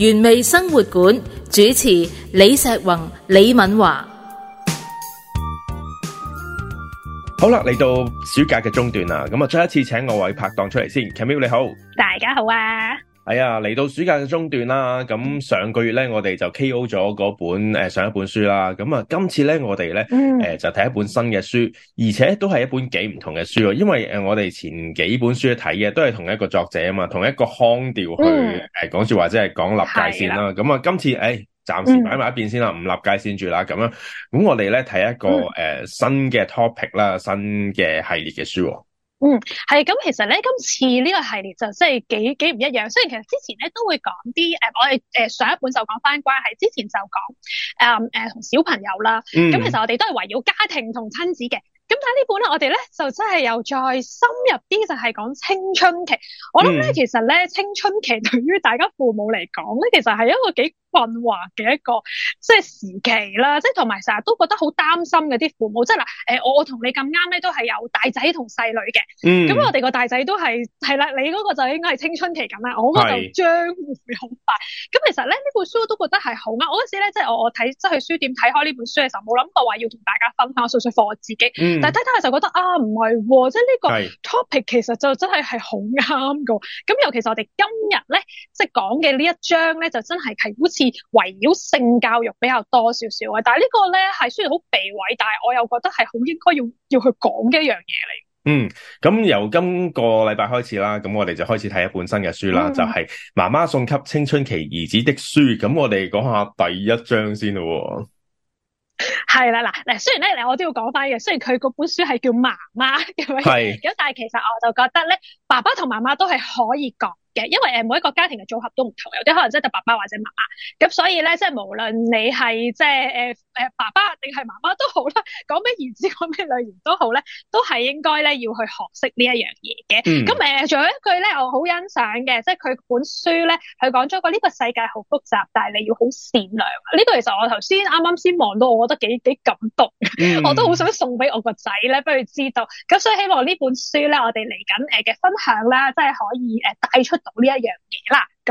原味生活館主持李石宏、李敏華，好啦，嚟到暑假嘅中段啦，咁啊，再一次請我位拍檔出嚟先 c a m i l l e 你好，大家好啊。係啊，嚟、哎、到暑假嘅中段啦，咁上個月咧，我哋就 K.O. 咗嗰本誒、呃、上一本書啦，咁啊，今次咧，我哋咧誒就睇一本新嘅書，而且都係一本幾唔同嘅書咯、啊，因為誒我哋前幾本書睇嘅都係同一個作者啊嘛，同一個腔調去誒講、呃、說話，即係講立界線啦，咁是的 啊，今次誒暫、哎、時擺埋一邊先啦，唔、嗯、立界線住啦，咁樣，咁我哋咧睇一個誒、呃、新嘅 topic 啦，新嘅系列嘅書、啊。嗯，係咁，其實咧，今次呢個系列就真係幾幾唔一樣。雖然其實之前咧都會講啲，誒、嗯，我哋誒上一本就講返關係，之前就講誒誒同小朋友啦。咁、嗯嗯、其實我哋都係圍繞家庭同親子嘅。咁但係呢本咧，我哋咧就真係又再深入啲，就係講青春期。我諗咧，嗯、其實咧青春期對於大家父母嚟講咧，其實係一個幾混華嘅一個即係時期啦，即係同埋成日都覺得好擔心嘅啲父母，即係嗱，誒、呃，我同你咁啱咧，都係有大仔同細女嘅，咁、嗯、我哋個大仔都係係啦，你嗰個就應該係青春期咁啦，我嗰個就將會好快。咁是其實咧呢本書我都覺得係好啱，我嗰時咧即係我我睇即係去書店睇開呢本書嘅時候，冇諗過話要同大家分享，我敘敘貨我自己，嗯、但係睇睇就覺得啊唔係、啊，即係呢個 topic 其實就真係係好啱噶咁是尤其是我哋今日咧即係講嘅呢一章咧，就真係幾乎。圍繞性教育比較多少少啊，但係呢個咧係雖然好避諱，但係我又覺得係好應該要要去講嘅一樣嘢嚟。嗯，咁由今個禮拜開始啦，咁我哋就開始睇一本新嘅書啦，嗯、就係、是《媽媽送給青春期兒子的書》。咁我哋講下第一章先啦。係啦，嗱，嗱，雖然咧，我都要講翻嘅，雖然佢嗰本書係叫媽媽嘅，係 咁的，但係其實我就覺得咧，爸爸同媽媽都係可以講。嘅，因為誒，每一個家庭嘅組合都唔同，有啲可能真係得爸爸或者媽媽，咁所以咧，即係無論你係即係誒。呃誒，爸爸定係媽媽都好啦，講俾兒子，講俾女兒都好咧，都係應該咧要去學識呢一樣嘢嘅。咁誒、嗯，仲有一句咧，我好欣賞嘅，即係佢本書咧，佢講咗個，呢個世界好複雜，但係你要好善良。呢、這個其實我頭先啱啱先望到，我覺得幾幾感動，嗯、我都好想送俾我個仔咧，俾佢知道。咁所以希望呢本書咧，我哋嚟緊誒嘅分享咧，真係可以誒、呃、帶出到呢一樣嘢啦。係咁，可以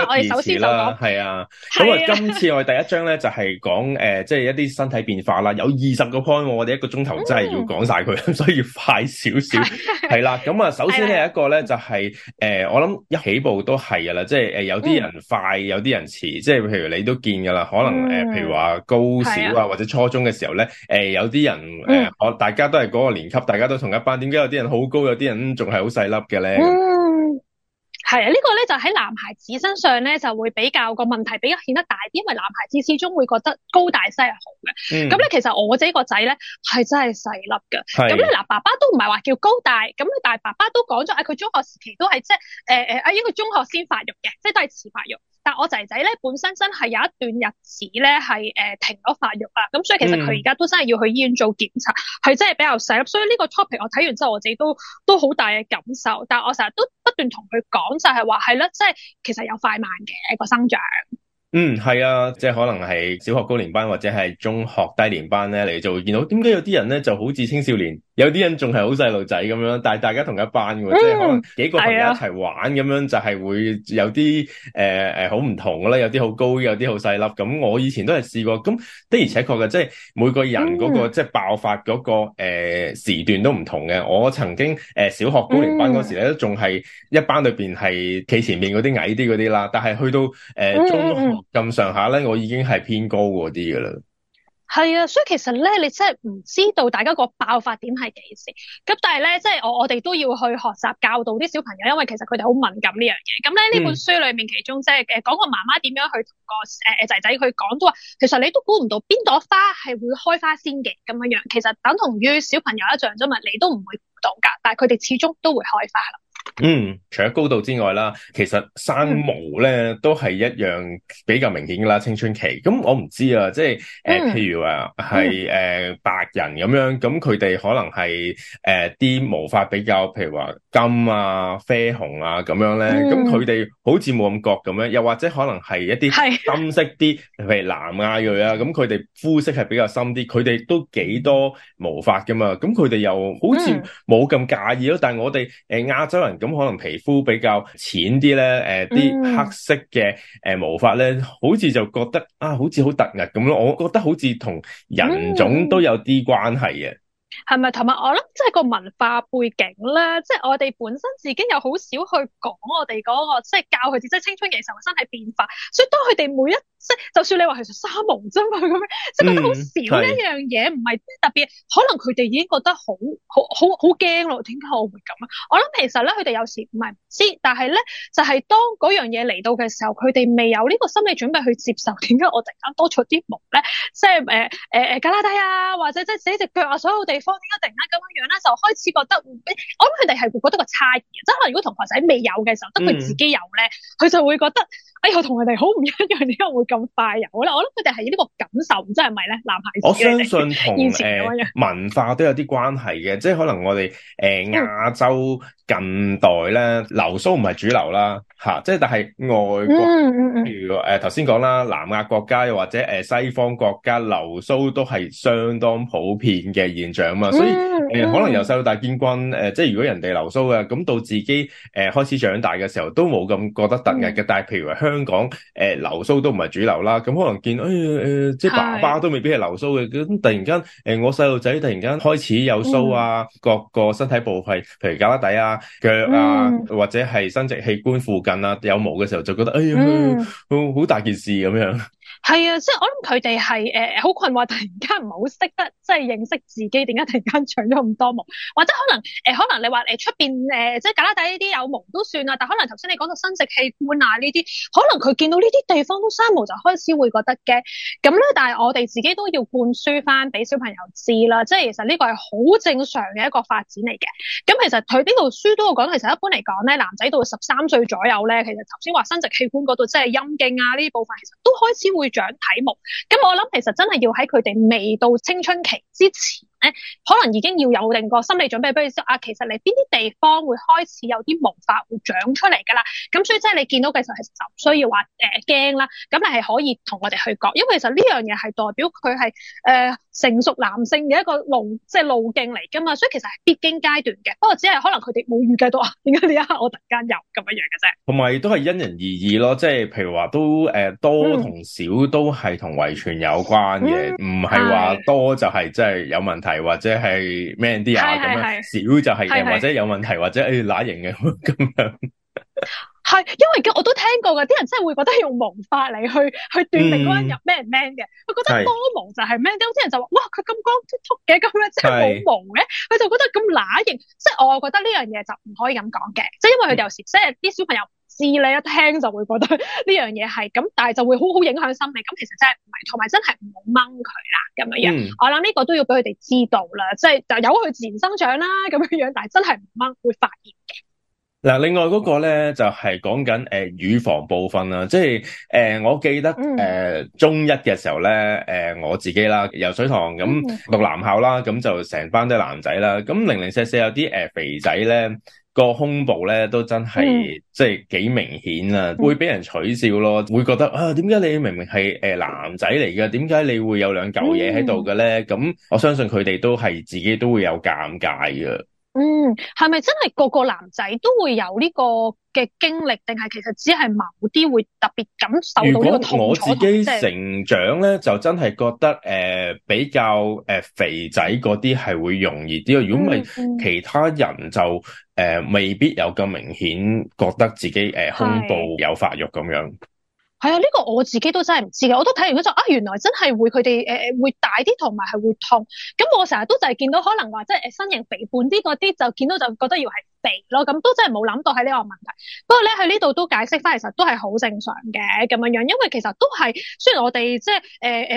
我哋首先啦，係啊。咁啊，今次我哋第一章咧就係講誒，即係一啲身體變化啦。有二十個 point，、哦、我哋一個鐘頭真係要講晒佢，所以要快少少。係啦，咁啊，首先咧一個咧就係誒，我諗一起步都係噶啦，即係誒，有啲人快，有啲人遲。即係譬如你都見噶啦，可能誒，譬如話高小啊，或者初中嘅時候咧，誒，有啲人誒、呃，我大家都係嗰個年級，大家都同一班，點解有啲人好高，有啲人仲係好細粒嘅咧？係啊，呢、這個咧就喺男孩子身上咧就會比較個問題比較顯得大啲，因為男孩子始終會覺得高大些係好嘅。咁咧、嗯、其實我自己個仔咧係真係細粒嘅。咁咧嗱，爸爸都唔係話叫高大，咁但係爸爸都講咗，誒、哎、佢中學時期都係即係誒誒，應該中學先發育嘅，即係都係遲發育。但我仔仔咧本身真係有一段日子咧係誒停咗發育啦，咁所以其實佢而家都真係要去醫院做檢查，係、嗯、真係比較細粒。所以呢個 topic 我睇完之後我自己都都好大嘅感受。但係我成日都不斷同佢講就係話，係啦，即係其實有快慢嘅一、個生長。嗯，係啊，即係可能係小學高年班或者係中學低年班咧嚟做，見到點解有啲人咧就好似青少年，有啲人仲係好細路仔咁樣，但係大家同一班嘅，嗯、即係可能幾個朋友一齊玩咁、嗯、樣，就係會有啲誒誒好唔同嘅啦，有啲好高，有啲好細粒。咁我以前都係試過，咁的而且確嘅，即係每個人嗰、那個、嗯、即係爆發嗰、那個誒、呃、時段都唔同嘅。我曾經誒、呃、小學高年班嗰時咧，仲係、嗯、一班裏邊係企前面嗰啲矮啲嗰啲啦，但係去到誒、呃呃、中學、嗯。咁上下咧，我已經係偏高嗰啲嘅啦。係啊，所以其實咧，你真係唔知道大家個爆發點係幾時。咁但係咧，即係我我哋都要去學習教導啲小朋友，因爲其實佢哋好敏感呢樣嘢。咁咧呢本書裏面，其中即係誒講個媽媽點樣去同個誒仔、呃、仔去講都話，其實你都估唔到邊朵花係會開花先嘅咁樣樣。其實等同於小朋友一樣啫嘛，你都唔會估到噶，但係佢哋始終都會開花啦。嗯，除咗高度之外啦，其實生毛咧都係一樣比較明顯噶啦，青春期。咁我唔知啊，即係誒、呃，譬如啊，係誒、嗯呃、白人咁樣，咁佢哋可能係誒啲毛髮比較，譬如話金啊、啡紅啊咁樣咧，咁佢哋好似冇咁覺咁樣，又或者可能係一啲深色啲，譬是如南亞裔類啦，咁佢哋膚色係比較深啲，佢哋都幾多毛髮噶嘛，咁佢哋又好似冇咁介意咯。嗯、但係我哋誒、呃、亞洲人。咁可能皮膚比較淺啲咧，誒、呃、啲黑色嘅誒、呃嗯、毛髮咧，好似就覺得啊，好似好突兀咁咯。我覺得好似同人種都有啲關係嘅，係咪？同埋我諗即係個文化背景咧，即、就、係、是、我哋本身自己又好少去講我哋嗰、那個，即、就、係、是、教佢哋即係青春期時候嘅身體變化，所以當佢哋每一即係，就算你話係食沙毛啫嘛咁樣，即係、嗯、覺得好少呢樣嘢，唔係是特別，可能佢哋已經覺得好好好好驚咯。點解我會咁啊？我諗其實咧，佢哋有時唔係唔知，但係咧就係、是、當嗰樣嘢嚟到嘅時候，佢哋未有呢個心理準備去接受。點解我突然間多咗啲毛咧？即係誒誒誒，加、呃呃、拉底啊，或者即係自己隻腳啊，所有地方點解突然間咁樣這樣咧，就開始覺得，我諗佢哋係會覺得個差異。即、就、係、是、如果同學仔未有嘅時候，得佢自己有咧，佢、嗯、就會覺得。哎呀，同人哋好唔一樣，點解會咁快有咧？我諗佢哋係呢個感受，唔知係咪咧？男孩子，我相信同、呃、文化都有啲關係嘅，即係可能我哋誒、呃、亞洲近代咧，嗯、留鬚唔係主流啦，嚇、啊！即係但係外國，譬、嗯、如誒頭先講啦，南亞國家又或者誒西方國家，留鬚都係相當普遍嘅現象啊嘛，所以誒、嗯嗯呃、可能由細到大見慣誒，即係如果人哋留鬚嘅，咁到自己誒、呃、開始長大嘅時候，都冇咁覺得突兀嘅。但係譬如香。香港誒、呃、留鬚都唔係主流啦，咁可能見誒誒、哎呃，即係爸爸都未必係留鬚嘅，咁是突然間誒、呃，我細路仔突然間開始有鬚啊，嗯、各個身體部位，譬如胳肋底啊、腳啊，嗯、或者係生殖器官附近啊有毛嘅時候，就覺得哎呀，好、哎嗯呃、大件事咁樣。 係啊，即係我諗佢哋係誒好困惑，突然間唔係好識得即係認識自己點解突然間長咗咁多毛，或者可能誒、呃、可能你話誒出邊誒即係胳肋底呢啲有毛都算啦，但可能頭先你講到生殖器官啊呢啲，可能佢見到呢啲地方都生毛就開始會覺得驚。咁咧，但係我哋自己都要灌輸翻俾小朋友知啦，即係其實呢個係好正常嘅一個發展嚟嘅。咁、嗯、其實佢呢度書都會講，其實一般嚟講咧，男仔到十三歲左右咧，其實頭先話生殖器官嗰度即係陰莖啊呢部分，其實都開始會。獎題目，咁我諗其實真係要喺佢哋未到青春期之前。誒，可能已經要有定個心理準備，不如你知啊，其實你邊啲地方會開始有啲毛髮會長出嚟噶啦，咁所以即係你見到嘅時候就係唔需要話誒驚啦，咁、呃、你係可以同我哋去講，因為其實呢樣嘢係代表佢係誒成熟男性嘅一個路即係路徑嚟噶嘛，所以其實係必經階段嘅，不過只係可能佢哋冇預計到啊，點解呢一刻我突然間有咁樣樣嘅啫？同埋都係因人而異咯，即係譬如話都誒、呃、多同少都係同遺傳有關嘅，唔係話多就係即係有問題。或者係 man 啲啊，咁樣少就係嘅，是是是或者有問題，是是或者誒乸型嘅咁樣。係因為我都聽過嘅，啲人真係會覺得用毛髮嚟去去斷定嗰人入 man 嘅，佢、嗯、覺得多毛就係 man 啲，man 是是有啲人就話哇佢咁光禿禿嘅，咁樣真係好毛嘅，佢就覺得咁乸型。即係我啊覺得呢樣嘢就唔可以咁講嘅，即係因為佢哋有時即係啲小朋友。知咧，一聽就會覺得呢樣嘢係咁，但係就會好好影響心理。咁其實真係唔係，同埋真係唔好掹佢啦咁樣樣。嗯、我諗呢個都要俾佢哋知道啦，即係就由、是、佢自然生長啦咁樣樣。但係真係唔掹會發炎嘅。嗱，另外嗰個咧就係講緊誒乳房部分啦，即係誒、呃、我記得誒、嗯呃、中一嘅時候咧，誒、呃、我自己啦，游水堂咁讀男校啦，咁就成班都係男仔啦，咁零零舍舍有啲誒、呃、肥仔咧。個胸部咧都真係 即係幾明顯啦，啊，會俾人取笑咯，會覺得啊，點解你明明係誒男仔嚟嘅，點解你會有兩嚿嘢喺度嘅咧？咁 我相信佢哋都係自己都會有尷尬嘅。嗯，係咪真係個個男仔都會有呢個嘅經歷，定係其實只係某啲會特別感受到呢個痛楚？痛如果我自己成長咧，就是，就真係覺得誒，呃、比較誒，呃、肥仔嗰啲係會容易啲。如果唔係其他人就誒，呃、未必有咁明顯覺得自己誒，呃、胸部有發育咁樣。係啊，呢、哎這個我自己都真係唔知嘅，我都睇完嗰陣啊，原來真係會佢哋誒會大啲，同埋係會痛。咁我成日都就係見到可能話即係誒身形肥胖啲嗰啲就見到就覺得要係。肥咯，咁都真係冇諗到喺呢個問題。不過咧，喺呢度都解釋翻，其實都係好正常嘅咁樣樣。因為其實都係雖然我哋即係誒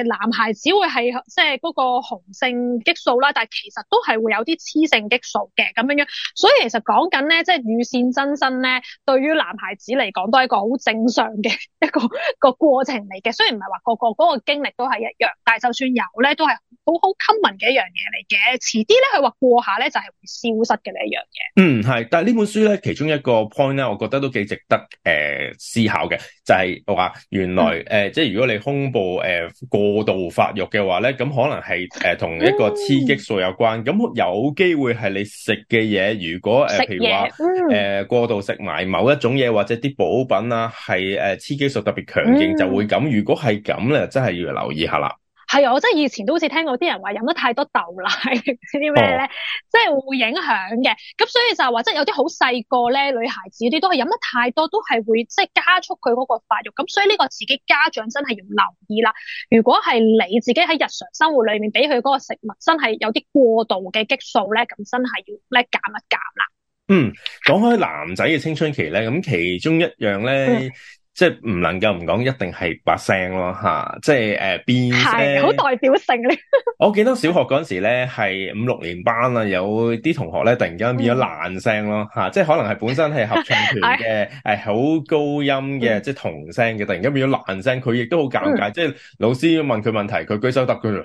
誒，男孩子會係即係嗰個雄性激素啦，但係其實都係會有啲雌性激素嘅咁樣樣。所以其實講緊咧，即係乳腺增生咧，對於男孩子嚟講都係一個好正常嘅一個一個過程嚟嘅。雖然唔係話個個嗰個經歷都係一樣，但係就算有咧都係。好好 common 嘅一樣嘢嚟嘅，遲啲咧佢話過下咧就係會消失嘅呢一樣嘢。嗯，係，但係呢本書咧其中一個 point 咧，我覺得都幾值得誒、呃、思考嘅，就係、是、話原來誒、嗯呃，即係如果你胸部誒過度發育嘅話咧，咁可能係誒同一個雌激素有關，咁、嗯、有機會係你食嘅嘢，如果誒、呃、譬如話誒、嗯、過度食埋某一種嘢或者啲補品啊，係誒雌激素特別強勁就會咁。如果係咁咧，真係要留意下啦。係啊，我真係以前都好似聽過啲人話飲得太多豆奶嗰啲咩咧，即係會影響嘅。咁所以就話即係有啲好細個咧，女孩子啲都係飲得太多，都係會即係加速佢嗰個發育。咁所以呢個自己家長真係要留意啦。如果係你自己喺日常生活裏面俾佢嗰個食物真係有啲過度嘅激素咧，咁真係要咧減一減啦。嗯，講開男仔嘅青春期咧，咁其中一樣咧。 即係唔能夠唔講，一定係把聲咯吓，即係誒、呃、變聲，好代表性咧。 我記得小學嗰時咧，係五六年班啦，有啲同學咧突然間變咗爛聲咯吓，即係可能係本身係合唱團嘅誒，好高音嘅即係童聲嘅，突然間變咗爛聲，佢亦都好尷尬。嗯、即係老師要問佢問題，佢舉手答佢。咁、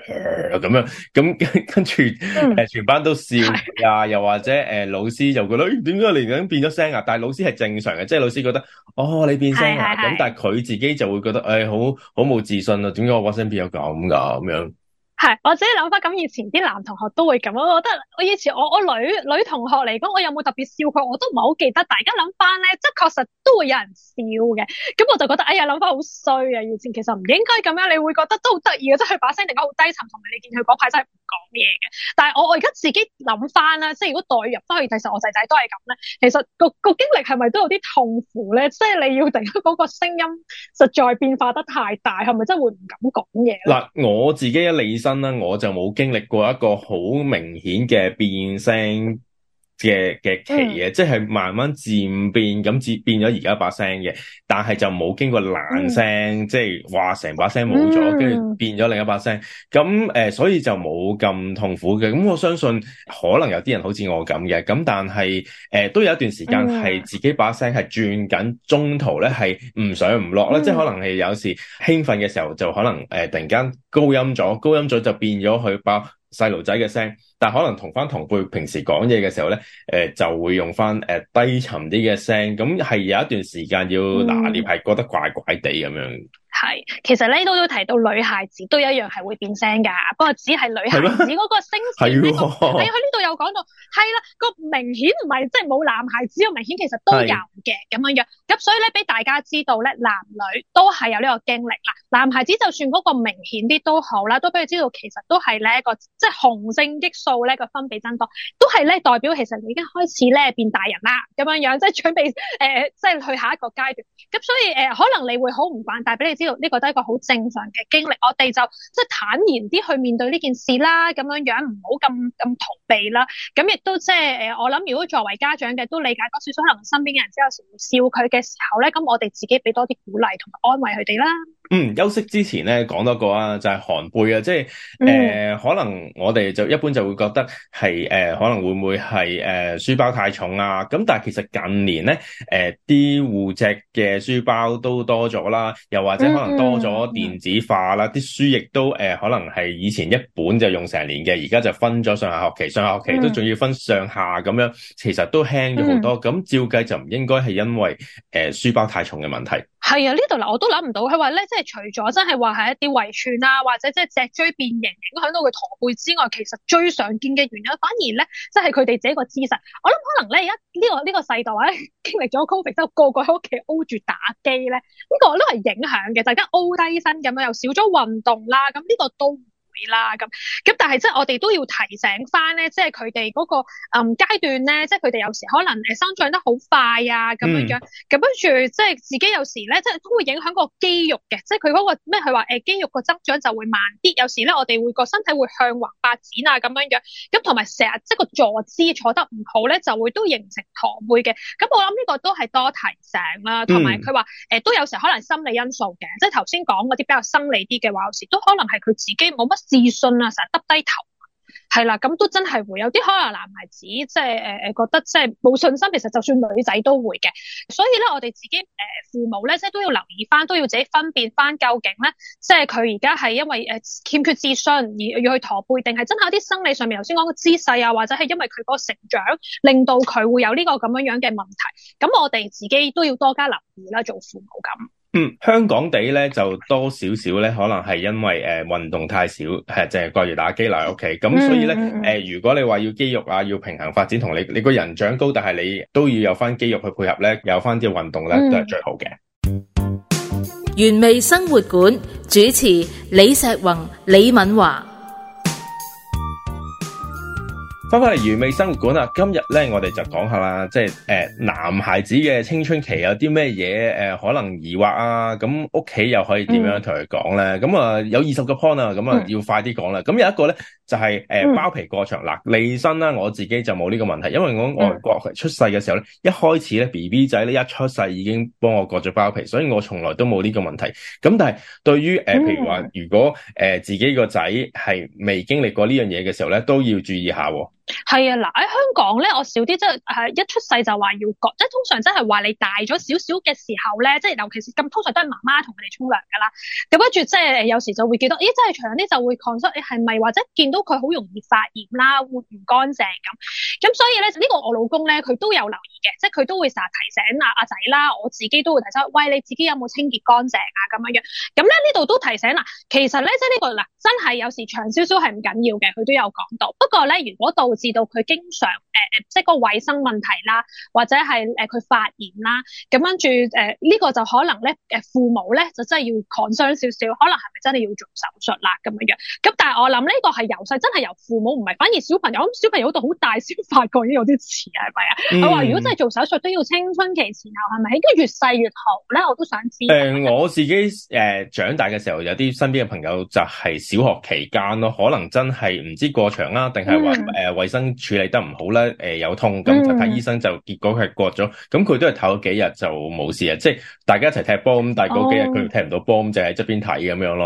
嗯、樣，咁跟住誒、呃，全班都笑啊，嗯、又或者誒、呃，老師就覺得，點解你突然間變咗聲啊？但係老師係正常嘅，即係老師覺得哦，你變聲啊。哦 咁但係佢自己就會覺得，誒好好冇自信啊！點解我把聲變咗咁㗎咁樣？係，我自己諗翻咁以前啲男同學都會咁，我覺得我以前我我女女同學嚟講，我有冇特別笑佢，我都唔係好記得。大家諗翻咧，即係確實都會有人笑嘅。咁我就覺得，哎呀諗翻好衰啊！以前其實唔應該咁樣，你會覺得都好得意嘅，即係佢把聲突然好低沉，同埋你見佢嗰排真係唔講嘢嘅。但係我我而家自己諗翻咧，即係如果代入翻去，其實我仔仔都係咁咧，其實個個經歷係咪都有啲痛苦咧？即係你要突然嗰個聲音實在變化得太大，係咪真會唔敢講嘢？嗱，我自己嘅內心。我就冇經歷過一個好明顯嘅變聲。嘅嘅期嘅，即係慢慢漸變咁，至變咗而家把聲嘅，但係就冇經過爛聲，即係話成把聲冇咗，跟住變咗另一把聲，咁誒、呃，所以就冇咁痛苦嘅。咁我相信可能有啲人好似我咁嘅，咁但係誒、呃，都有一段時間係自己把聲係轉緊，中途咧係唔上唔落啦，嗯、即係可能係有時興奮嘅時候就可能誒、呃，突然間高音咗，高音咗就變咗去爆。細路仔嘅聲，但可能同翻同輩平時講嘢嘅時候咧，誒、呃、就會用翻誒、呃、低沉啲嘅聲，咁係有一段時間要拿捏，係、嗯、覺得怪怪地咁樣。係，其實咧都都提到女孩子都一樣係會變聲噶，的不過只係女孩子嗰的個聲調。係呢度有講到，係啦，個明顯唔係即係冇男孩子，個明顯其實都有嘅咁樣樣。咁所以咧，俾大家知道咧，男女都係有呢個經歷。嗱，男孩子就算嗰個明顯啲都好啦，都俾佢知道其實都係呢一個，即係雄性激素咧個分泌增多，都係咧代表其實你已經開始咧變大人啦，咁樣樣，即係準備誒、呃，即係去下一個階段。咁所以誒、呃，可能你會好唔慣，但係俾你知。呢個都係一個好正常嘅經歷，我哋就即係坦然啲去面對呢件事啦。咁樣樣，唔好咁咁逃避啦。咁亦都即係誒，我諗如果作為家長嘅都理解多少少，可能身邊嘅人只有時會笑佢嘅時候咧，咁我哋自己俾多啲鼓勵同埋安慰佢哋啦。嗯，休息之前咧，講多個啊，就係、是、寒背啊，即係誒、呃，可能我哋就一般就會覺得係誒、呃，可能會唔會係誒、呃、書包太重啊？咁但係其實近年咧，誒啲護脊嘅書包都多咗啦，又或者可能多咗電子化啦，啲、嗯、書亦都誒、呃、可能係以前一本就用成年嘅，而家就分咗上下學期，上下學期都仲要分上下咁樣，其實都輕咗好多。咁、嗯、照計就唔應該係因為誒、呃、書包太重嘅問題。係啊，呢度嗱，我都諗唔到，佢話咧，即係除咗真係話係一啲遺傳啊，或者即係脊椎變形影響到佢駝背之外，其實最常見嘅原因反而咧，即係佢哋自己個姿勢。我諗可能咧，而家呢個呢個世代咧啊，經歷咗 Covid 之後，個個喺屋企 O 住打機咧，呢個都係影響嘅，就而家 O 低身咁樣，又少咗運動啦，咁呢個都。啦咁咁，但係即係我哋都要提醒翻咧，即係佢哋嗰個嗯階段咧，即係佢哋有時可能誒生長得好快啊咁樣樣，咁跟住即係自己有時咧，即係都會影響個肌肉嘅，即係佢嗰個咩佢話誒肌肉個增長就會慢啲，有時咧我哋會個身體會向橫發展啊咁樣樣，咁同埋成日即係個坐姿坐得唔好咧，就會都形成駝背嘅，咁我諗呢個都係多提醒啦，同埋佢話誒都有時可能心理因素嘅，嗯、即係頭先講嗰啲比較生理啲嘅話，有時都可能係佢自己冇乜。自信啊，成日耷低頭，係啦，咁都真係會有啲可能男，就是。男孩子即係誒誒，覺得即係冇信心。其實就算女仔都會嘅，所以咧，我哋自己誒、呃、父母咧，即係都要留意翻，都要自己分辨翻，究竟咧即係佢而家係因為誒欠缺自信而要去駝背，定係真係有啲生理上面？頭先講個姿勢啊，或者係因為佢嗰個成長令到佢會有呢個咁樣樣嘅問題。咁我哋自己都要多加留意啦，做父母咁。嗯，香港地咧就多少少咧，可能係因為誒運、呃、動太少，係淨係掛住打機留喺屋企，咁、OK？所以咧誒、嗯嗯呃，如果你話要肌肉啊，要平衡發展，同你你個人長高，但係你都要有翻肌肉去配合咧，有翻啲運動咧、嗯、都係最好嘅。原味生活館主持李碩宏、李敏華。翻返嚟原味生活館啦，今日咧我哋就講下啦，即係誒，男孩子嘅青春期有啲咩嘢誒可能疑惑啊，咁屋企又可以點樣同佢講咧？咁啊、嗯嗯、有二十個 point 啊，咁啊要快啲講啦。咁、嗯嗯、有一個咧就係、是、誒、呃、包皮過長嗱，利身啦，我自己就冇呢個問題，因為我外國出世嘅時候咧，嗯、一開始咧 B B 仔咧一出世已經幫我割咗包皮，所以我從來都冇呢個問題。咁但係對於誒、呃、譬如話如果誒、呃、自己個仔係未經歷過呢樣嘢嘅時候咧，都要注意下、啊。係啊，嗱喺香港咧，我少啲即係一出世就話要割，即係通常真係話你大咗少少嘅時候咧，即係尤其是咁通常都係媽媽同佢哋沖涼噶啦，咁跟住即係有時就會見到，咦，真係長啲就會 concern 係咪，或者見到佢好容易發炎啦，會唔乾淨咁？咁所以咧呢、呢個我老公咧佢都有留意嘅，即係佢都會成日提醒啊，阿仔啦，我自己都會提醒，喂，你自己有冇清潔乾淨啊咁樣樣，咁咧呢度都提醒啦，其實咧即係、這、呢個嗱真係有時長少少係唔緊要嘅，佢都有講到，不過咧如果到至到佢經常誒誒、呃，即係嗰個衞生問題啦，或者係誒佢發炎啦，咁跟住誒呢個就可能咧，誒父母咧就真係要 concern 少少，可能係咪真係要做手術啦咁樣樣？咁但係我諗呢個係由細真係由父母唔係，反而小朋友，咁小朋友嗰度好大先發覺，已經有啲遲係咪啊？佢話、嗯、如果真係做手術都要青春期前後，係咪應該越細越好咧？我都想知誒、嗯，我自己誒、呃、長大嘅時候，有啲身邊嘅朋友就係小學期間咯，可能真係唔知過長啦，定係話誒醫生處理得唔好咧？誒、呃、有痛咁就睇醫生就，結果佢割咗。咁佢、嗯、都係唞咗幾日就冇事啊！即係大家一齊踢波咁，但係嗰幾日佢踢唔到波咁，oh, 就喺側邊睇咁樣咯。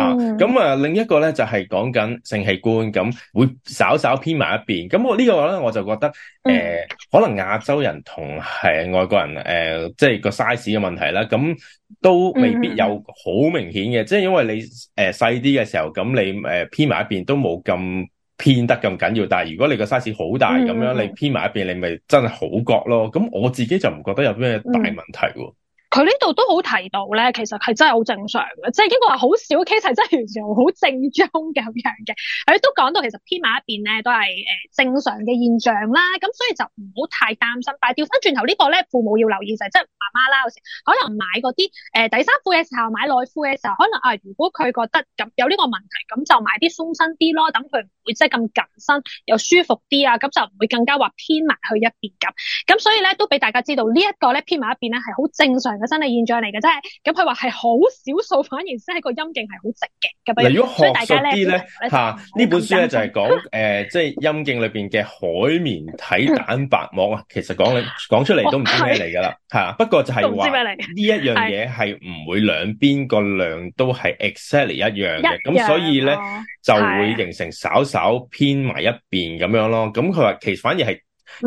啊，咁啊另一個咧就係講緊性器官咁，會稍稍偏埋一邊。咁我、這個、呢個咧我就覺得誒、呃，可能亞洲人同係、呃、外國人誒、呃，即係個 size 嘅問題啦。咁都未必有好、嗯、明顯嘅，即係因為你誒、呃、細啲嘅時候，咁你誒偏埋一邊都冇咁。偏得咁緊要，但係如果你個 size 好大咁、嗯、樣，你偏埋一邊，你咪真係好覺咯。咁我自己就唔覺得有咩大問題。嗯佢呢度都好提到咧，其實係真係好正常嘅，即係應該話好少 case 真係完全好正宗咁樣嘅。係都講到其實偏埋一邊咧，都係誒正常嘅現象啦。咁所以就唔好太擔心。但係調翻轉頭呢個咧，父母要留意就係即係媽媽啦，有時可能買嗰啲誒底衫褲嘅時候，買內褲嘅時候，可能啊，如果佢覺得咁有呢個問題，咁就買啲鬆身啲咯，等佢唔會即係咁緊身又舒服啲啊，咁就唔會更加話偏埋去一邊咁。咁所以咧都俾大家知道呢一個咧偏埋一邊咧係好正常。嘅生理現象嚟嘅，即係咁佢話係好少數，反而即係個陰莖係好直嘅。咁如果學術啲咧，吓呢本書咧就係講誒，即係陰莖裏邊嘅海綿體蛋白膜，啊，其實講講出嚟都唔知咩嚟噶啦，吓。不過就係話呢一樣嘢係唔會兩邊個量都係 exactly 一樣嘅，咁所以咧就會形成稍稍偏埋一邊咁樣咯。咁佢話其實反而係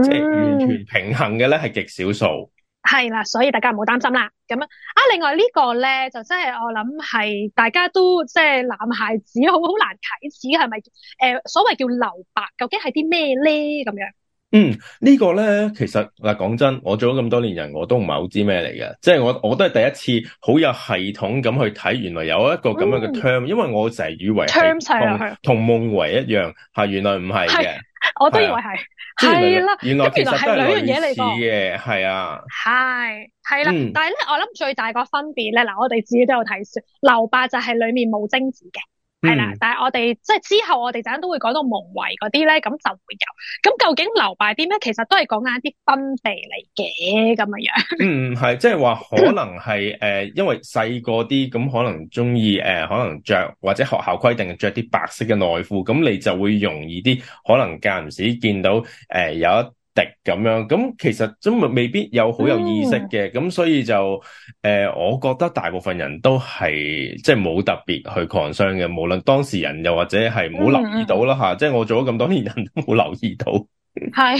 即係完全平衡嘅咧，係極少數。係啦，所以大家唔好擔心啦。咁啊，啊，另外個呢個咧，就真係我諗係大家都即係男孩子好好難啟齒，係咪？誒、呃，所謂叫留白，究竟係啲咩咧？咁樣。嗯，這個、呢個咧，其實嗱，講真，我做咗咁多年人，我都唔係好知咩嚟嘅，即係我我都係第一次好有系統咁去睇，原來有一個咁樣嘅 term，因為我成日以為同、嗯、term 同同夢維一樣，係原來唔係嘅，我都以為係係啦，原來其實係兩樣嘢嚟嘅，係啊，係係啦，啊嗯、但係咧，我諗最大個分別咧，嗱，我哋自己都有睇書，留白就係裏面冇精子嘅。係啦， 但係我哋即係之後我哋陣間都會講到夢遺嗰啲咧，咁就會有。咁究竟留白啲咩？其實都係講緊一啲分泌嚟嘅咁嘅樣。嗯，係即係話可能係誒、呃，因為細個啲，咁可能中意誒，可能着、呃、或者學校規定着啲白色嘅內褲，咁你就會容易啲，可能間唔時見到誒、呃、有一。咁樣，咁其實都未必有好有意識嘅，咁、嗯、所以就誒、呃，我覺得大部分人都係即係冇特別去 concern 嘅，無論當事人又或者係冇留意到啦吓，即係我做咗咁多年人都冇留意到。嗯啊係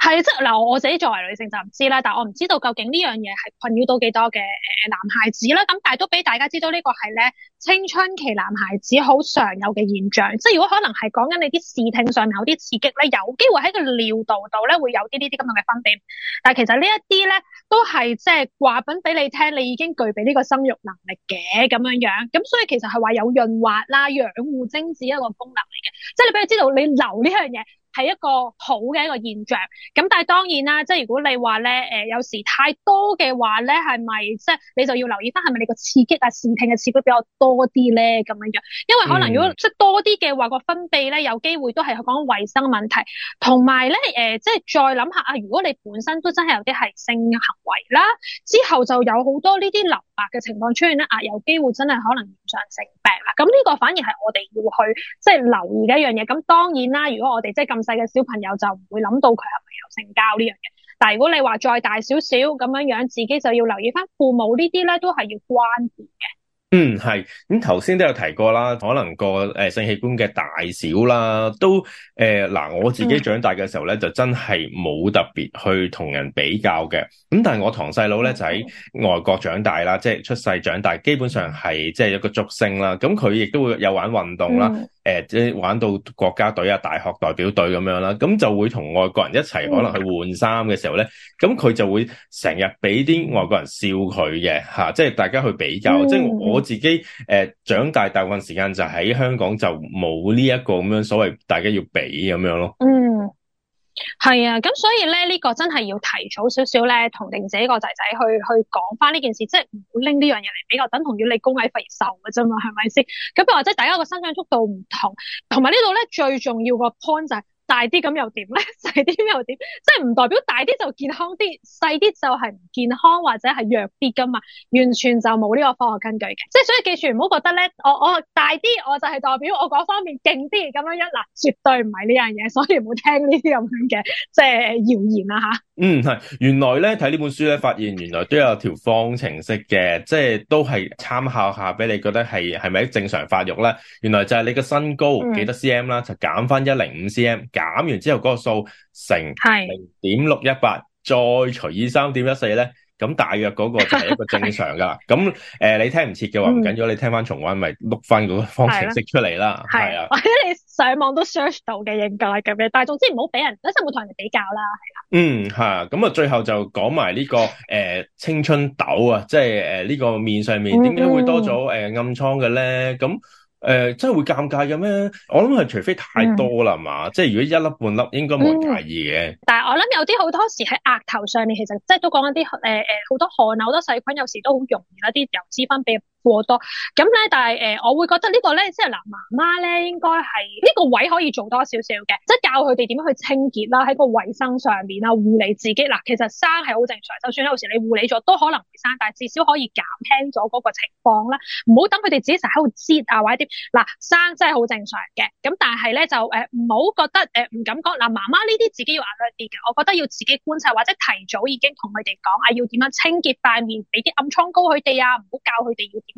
係即係嗱，我自己作為女性就唔知啦，但係我唔知道究竟呢樣嘢係困擾到幾多嘅男孩子啦。咁但係都俾大家知道呢個係咧青春期男孩子好常有嘅現象。即係如果可能係講緊你啲視聽上面有啲刺激咧，有機會喺個尿道度咧會有啲呢啲咁樣嘅分泌。但係其實呢一啲咧都係即係話俾你聽，你已經具備呢個生育能力嘅咁樣樣。咁所以其實係話有潤滑啦、養護精子一個功能嚟嘅。即係你俾佢知道你留呢樣嘢。係一個好嘅一個現象，咁但係當然啦，即係如果你話咧，誒、呃、有時太多嘅話咧，係咪即係你就要留意翻係咪你個刺激啊、視聽嘅刺激比較多啲咧咁樣樣，因為可能如果即係、嗯、多啲嘅話，個分泌咧有機會都係去講衛生問題，同埋咧誒即係再諗下啊，如果你本身都真係有啲係性行為啦，之後就有好多呢啲流。嘅情況出現咧，啊，有機會真係可能染上性病啦。咁呢個反而係我哋要去即係、就是、留意嘅一樣嘢。咁當然啦，如果我哋即係咁細嘅小朋友，就唔、是、會諗到佢係咪有性交呢樣嘢。但係如果你話再大少少咁樣樣，自己就要留意翻，父母呢啲咧，都係要關注嘅。嗯，係咁頭先都有提過啦，可能個誒、呃、性器官嘅大小啦，都誒嗱、呃、我自己長大嘅時候咧，嗯、就真係冇特別去同人比較嘅。咁、嗯、但係我堂細佬咧就喺外國長大啦，即係出世長大，基本上係即係一個竹升啦。咁佢亦都會有玩運動啦。嗯誒、呃、即係玩到國家隊啊，大學代表隊咁樣啦，咁就會同外國人一齊可能去換衫嘅時候咧，咁佢就會成日俾啲外國人笑佢嘅嚇，即係大家去比較。嗯、即係我自己誒、呃、長大大部分時間就喺香港，就冇呢一個咁樣所謂大家要比咁樣咯。嗯。係啊，咁所以咧呢個真係要提早少少咧，同定自己個仔仔去去講翻呢件事，即係唔好拎呢樣嘢嚟比較，等同於你高矮肥瘦嘅啫嘛，係咪先？咁又或者大家個生長速度唔同，同埋呢度咧最重要個 point 就係。大啲咁又點咧？細啲又點？即係唔代表大啲就健康啲，細啲就係唔健康或者係弱啲噶嘛？完全就冇呢個科學根據嘅。即係所以記住唔好覺得咧，我我大啲我就係代表我嗰方面勁啲咁樣一，嗱，絕對唔係呢樣嘢。所以唔好聽呢啲咁樣嘅即係謠言啦、啊、吓。嗯，係原來咧睇呢本書咧，發現原來都有條方程式嘅，即係都係參考下俾你覺得係係咪正常發育咧？原來就係你個身高幾多 cm 啦，就減翻一零五 cm。減完之後嗰個數乘零點六一八，再除以三點一四咧，咁大約嗰個就係一個正常噶啦。咁誒、 呃，你聽唔切嘅話唔緊要，你聽翻重温咪碌翻嗰個方程式出嚟啦。係 啊，或者、啊、你上網都 search 到嘅應該咁嘅。但係總之唔好俾人，唔好同人哋比較啦。係啦、啊嗯。嗯，係。咁啊，最後就講埋呢個誒、呃、青春痘啊，即係誒呢個面上面點解會多咗誒暗瘡嘅咧？咁、嗯。嗯誒、呃，真係會尷尬嘅咩？我諗係除非太多啦嘛，嗯、即係如果一粒半粒，應該冇介意嘅，嗯。但係我諗有啲好多時喺額頭上面，其實即係都講一啲誒誒，好、呃、多汗，好多細菌，有時都好容易啦，啲油脂分泌。過多咁，咧，但係誒、呃，我會覺得個呢個咧，即係嗱，媽媽咧應該係呢、這個位可以做多少少嘅，即係教佢哋點樣去清潔啦，喺個衛生上面啊，護理自己。嗱、啊，其實生係好正常，就算有時你護理咗，都可能會生，但係至少可以減輕咗嗰個情況啦。唔好等佢哋自己成日喺度折啊，或者嗱，生真係好正常嘅。咁但係咧就誒，唔、呃、好覺得誒，唔、呃、敢講嗱，媽媽呢啲自己要嚴厲啲嘅。我覺得要自己觀察或者提早已經同佢哋講啊，要點樣清潔塊面，俾啲暗瘡膏佢哋啊，唔好教佢哋要點。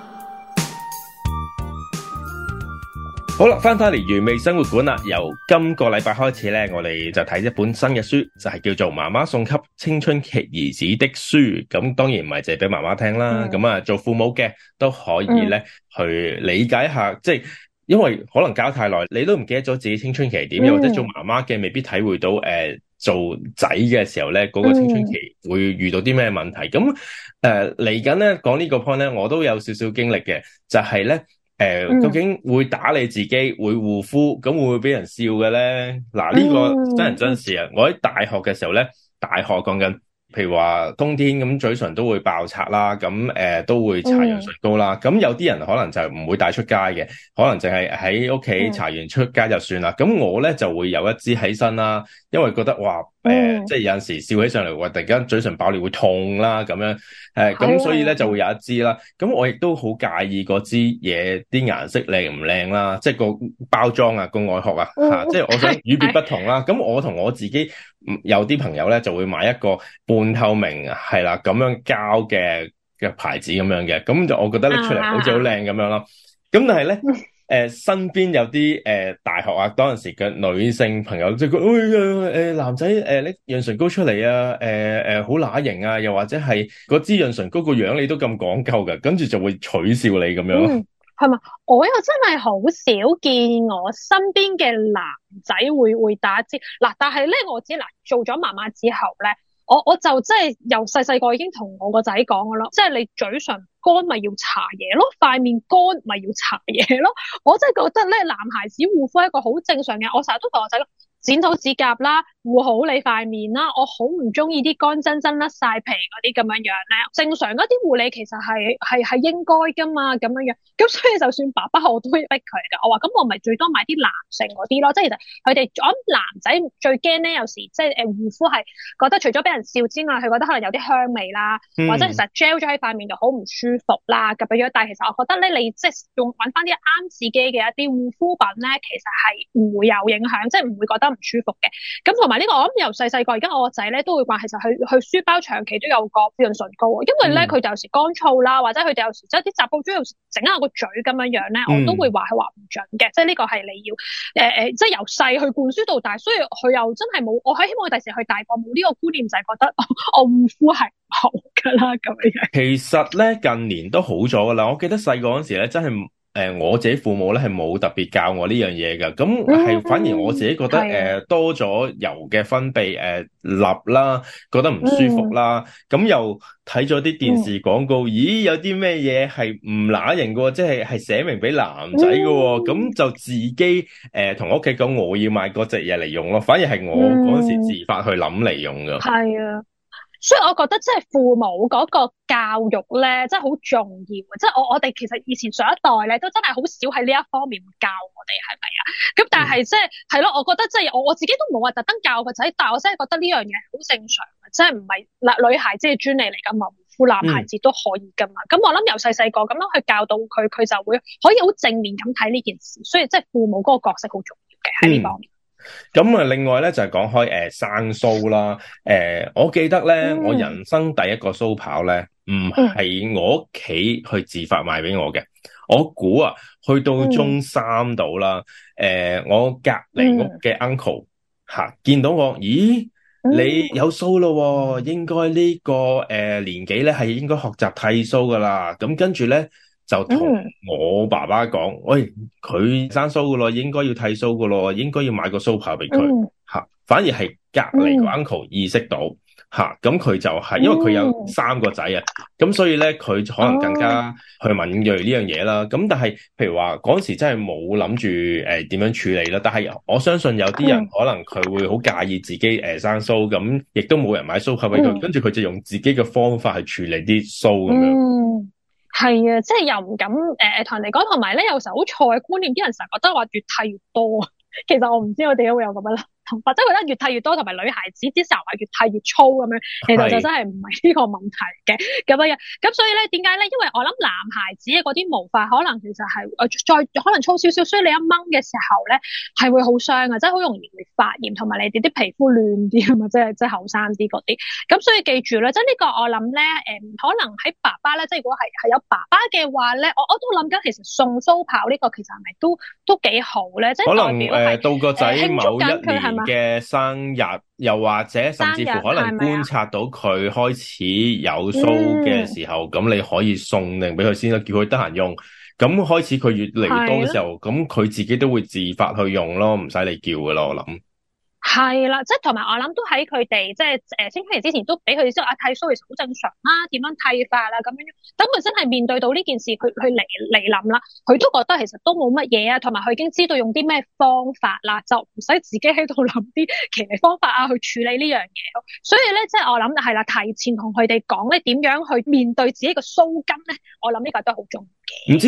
好啦，翻返嚟《原味生活館》啦。由今個禮拜開始咧，我哋就睇一本新嘅書，就係、是、叫做《媽媽送給青春期兒子的書》。咁當然唔係淨係俾媽媽聽啦。咁啊、嗯，做父母嘅都可以咧去理解下。即係因為可能搞太耐，你都唔記得咗自己青春期係點。又、嗯、或者做媽媽嘅未必體會到誒、呃、做仔嘅時候咧嗰、那個青春期會遇到啲咩問題。咁誒嚟緊咧講呢個 point 咧，我都有少少經歷嘅，就係、是、咧。誒，嗯、究竟會打理自己，會護膚，咁會唔會俾人笑嘅咧？嗱、啊、呢，這個真人真事啊！我喺大學嘅時候咧，大學講緊，譬如話冬天咁嘴唇都會爆拆啦，咁、呃、誒都會搽潤唇膏啦。咁、嗯、有啲人可能就唔會帶出街嘅，可能淨係喺屋企搽完出街就算啦。咁、嗯、我咧就會有一支喺身啦，因為覺得哇～誒、嗯呃，即係有陣時笑起上嚟，話突然間嘴唇爆裂會痛啦，咁樣，誒的，咁、啊、所以咧就會有一支啦。咁我亦都好介意嗰支嘢啲顏色靚唔靚啦，即係個包裝啊，個外殼啊，吓、嗯啊，即係我想與別不同啦。咁的我同我自己有啲朋友咧就會買一個半透明係啦咁樣膠嘅嘅牌子咁樣嘅，咁就我覺得拎出嚟好似好靚咁樣咯。咁、啊、但係咧。嗯誒、呃、身邊有啲誒、呃、大學啊，嗰陣時嘅女性朋友，即係佢誒男仔誒搦潤唇膏出嚟啊，誒誒好乸型啊，又或者係嗰支潤唇膏個樣你都咁講究㗎，跟住就會取笑你咁樣。嗯，係嘛？我又真係好少見，我身邊嘅男仔會會打支嗱，但係咧我知嗱做咗媽媽之後咧。我我就真係由細細個已經同我個仔講噶咯，即係你嘴唇乾咪要搽嘢咯，塊面乾咪要搽嘢咯。我真係覺得咧，男孩子護膚係一個好正常嘅，我成日都同我仔。剪好指甲啦，護好你塊面啦，我好唔中意啲乾真真甩晒皮嗰啲咁樣樣咧。正常嗰啲護理其實係系係應該噶嘛，咁樣樣。咁所以就算爸爸好，都要逼佢噶。我話咁我咪最多買啲男性嗰啲咯，即係其實佢哋我諗男仔最驚咧，有時即係誒護膚係覺得除咗俾人笑之外，佢覺得可能有啲香味啦，嗯、或者其實 gel 咗喺塊面就好唔舒服啦咁樣樣。但係其實我覺得咧，你即係用揾翻啲啱自己嘅一啲護膚品咧，其實係唔會有影響，即係唔會覺得。舒服嘅，咁同埋呢個，我諗由細細個而家我個仔咧都會話，其實佢佢書包長期都有個潤唇膏啊，因為咧佢哋有時乾燥啦，或者佢哋有時即係啲雜包，中有時整下個嘴咁樣樣咧，我都會話係話唔準嘅，即係呢個係你要誒誒，即係由細去灌輸到大，所以佢又真係冇，我希望佢第時去大個冇呢個觀念就係覺得我我護膚係好噶啦咁樣。其實咧近年都好咗噶啦，我記得細個嗰時咧真係。誒、呃，我自己父母咧係冇特別教我呢樣嘢㗎，咁、嗯、係、嗯、反而我自己覺得誒、啊呃、多咗油嘅分泌誒立啦，覺得唔舒服啦，咁、嗯嗯嗯、又睇咗啲電視廣告，咦，有啲咩嘢係唔乸型嘅，即係係寫明俾男仔嘅，咁就自己誒、呃、同屋企講我要買嗰隻嘢嚟用咯，反而係我嗰時自發去諗嚟用㗎。係啊。所以我覺得即係父母嗰個教育咧，真係好重要。即係我我哋其實以前上一代咧，都真係好少喺呢一方面教我哋，係咪啊？咁但係即係係咯，我覺得即係我我自己都冇話特登教個仔，但我真係覺得呢樣嘢好正常嘅，即係唔係嗱，女孩嘅專利嚟噶嘛，唔男孩子都可以噶嘛。咁、嗯、我諗由細細個咁樣去教到佢，佢就會可以好正面咁睇呢件事。所以即係父母嗰個角色好重要嘅喺呢方面。嗯咁啊，另外咧就係講開誒，生鬚啦，誒，我記得咧，我人生第一個鬚刨咧，唔係我屋企去自發賣俾我嘅，我估啊，去到中三度啦，誒、呃，我隔籬屋嘅 uncle 吓、啊、見到我，咦，你有鬚咯、哦，應該呢、這個誒、呃、年紀咧係應該學習剃鬚噶啦，咁跟住咧。就同我爸爸講，喂，佢生鬚噶咯，應該要剃鬚噶咯，應該要買個鬚刨俾佢。吓、嗯，反而係隔籬個 uncle 意識到吓，咁佢就係因為佢有三個仔啊，咁所以咧佢可能更加去敏銳呢樣嘢啦。咁、哦、但係，譬如話嗰時真係冇諗住誒點樣處理啦。但係我相信有啲人可能佢會好介意自己誒、呃、生鬚，咁亦都冇人買鬚刨俾佢，嗯、跟住佢就用自己嘅方法去處理啲鬚咁樣。係啊，即係又唔敢誒，同、呃、人哋講，同埋咧，有時候好錯嘅觀念，啲人成日覺得話越睇越多啊，其實我唔知我哋點解會有咁樣啦。或者覺得越剃越多，同埋女孩子啲時候話越剃越粗咁樣，其實就真係唔係呢個問題嘅咁樣。咁是所以咧，點解咧？因為我諗男孩子嘅嗰啲毛髮可能其實係誒、呃、再可能粗少少，所以你一掹嘅時候咧係會好傷嘅，即係好容易會發炎，同埋你哋啲皮膚嫩啲啊嘛，即係即係後生啲嗰啲。咁所以記住咧，即係呢個我諗咧誒，可能喺爸爸咧，即係如果係係有爸爸嘅話咧，我我都諗緊其實送鬚刨呢個其實係咪都都幾好咧？即係可能誒到個仔某一年嘅生日，又或者甚至乎可能觀察到佢開始有 show 嘅時候，咁、嗯、你可以送定俾佢先啦，叫佢得閒用。咁開始佢越嚟越多嘅時候，咁佢是、啊、自己都會自發去用咯，唔使你叫噶咯，我諗。係啦，即係同埋我諗都喺佢哋即係誒青春期之前都俾佢即係阿剃鬚，其實好正常啦，啊，點樣剃法啦，啊，咁樣，等佢真係面對到呢件事，佢佢嚟嚟諗啦，佢都覺得其實都冇乜嘢啊，同埋佢已經知道用啲咩方法啦，就唔使自己喺度諗啲其奇方法啊去處理呢樣嘢，所以咧即係我諗係啦，提前同佢哋講咧點樣去面對自己個鬚根咧，我諗呢個都係好重要。唔知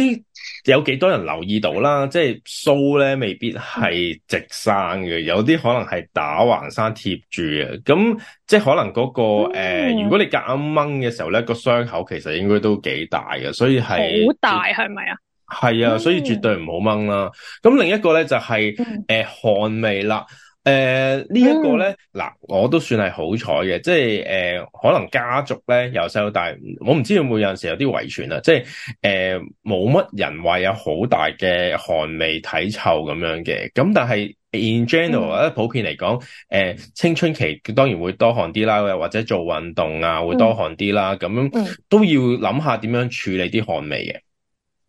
有幾多人留意到啦，即係鬚咧未必係直生嘅，有啲可能係打橫生貼住嘅，咁即係可能嗰、那個誒、嗯呃，如果你夾硬掹嘅時候咧，個傷口其實應該都幾大嘅，所以係好大係咪啊？係啊，所以絕對唔好掹啦。咁、嗯、另一個咧就係、是、誒、呃、汗味啦。誒，呃，這個、呢一個咧，嗱，我都算係好彩嘅，即係誒、呃，可能家族咧，由細到大，我唔知有冇有陣時有啲遺傳啊，即係誒，冇、呃、乜人話有好大嘅汗味體臭咁樣嘅，咁但係 in general 咧、嗯，普遍嚟講，誒、呃，青春期當然會多汗啲啦，或者做運動啊，會多汗啲啦，咁、嗯、都要諗下點樣處理啲汗味嘅。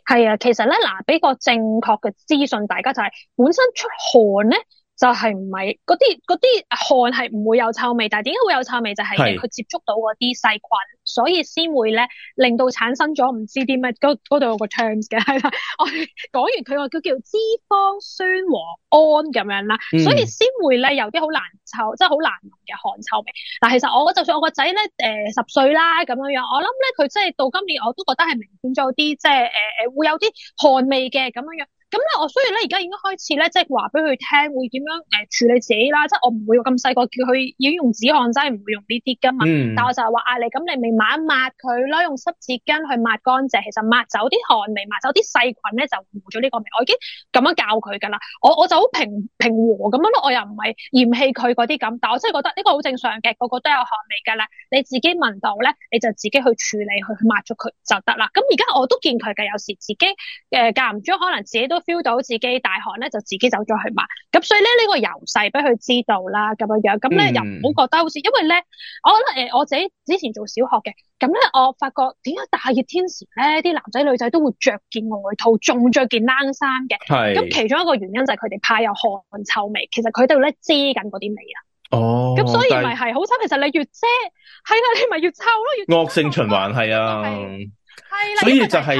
係啊，其實咧，嗱，俾個正確嘅資訊，大家就係、是、本身出汗咧。就係唔係嗰啲啲汗係唔會有臭味，但係點解會有臭味？就係、是、佢接觸到嗰啲細菌，是所以先會咧令到產生咗唔知啲咩嗰度有個 terms 嘅係啦。我講完佢話叫叫脂肪酸和胺咁樣啦，嗯、所以先會咧有啲好難臭，即係好難聞嘅汗臭味。嗱，其實我就算我個仔咧誒十歲啦咁樣樣，我諗咧佢即係到今年我都覺得係明顯咗啲，即係誒誒會有啲汗味嘅咁樣樣。咁咧，我所以咧，而家 已經開始咧，即係話俾佢聽會點樣誒處理自己啦。即係我唔會咁細個叫佢要用止汗劑，唔會用呢啲噶嘛。但我就係話啊，你咁你咪抹一抹佢咯，用濕紙巾去抹乾淨，其實抹走啲汗味，抹走啲細菌咧，就冇咗呢個味。我已經咁樣教佢噶啦。我我就好平平和咁樣咯，我又唔係嫌棄佢嗰啲咁，但我真係覺得呢個好正常嘅，個個都有汗味㗎啦。你自己聞到咧，你就自己去處理，去抹咗佢就得啦。咁而家我都見佢嘅，有時自己誒間唔中，可能自己都 feel 到自己大汗咧，就自己走咗去買。咁所以咧，呢、這個由細俾佢知道啦，咁樣樣呢。咁咧、嗯、又唔好覺得好似，因為咧，我覺得誒、呃，我自己之前做小學嘅。咁咧，我發覺點解大熱天時咧，啲男仔女仔都會着件外套，仲着件冷衫嘅。係是。咁其中一個原因就係佢哋怕有汗臭味。其實佢哋咧遮緊嗰啲味啊。哦。咁所以咪係、就是，但好慘。其實你越遮，係啦、啊，你咪越臭咯。越惡性循環係啊。所以就係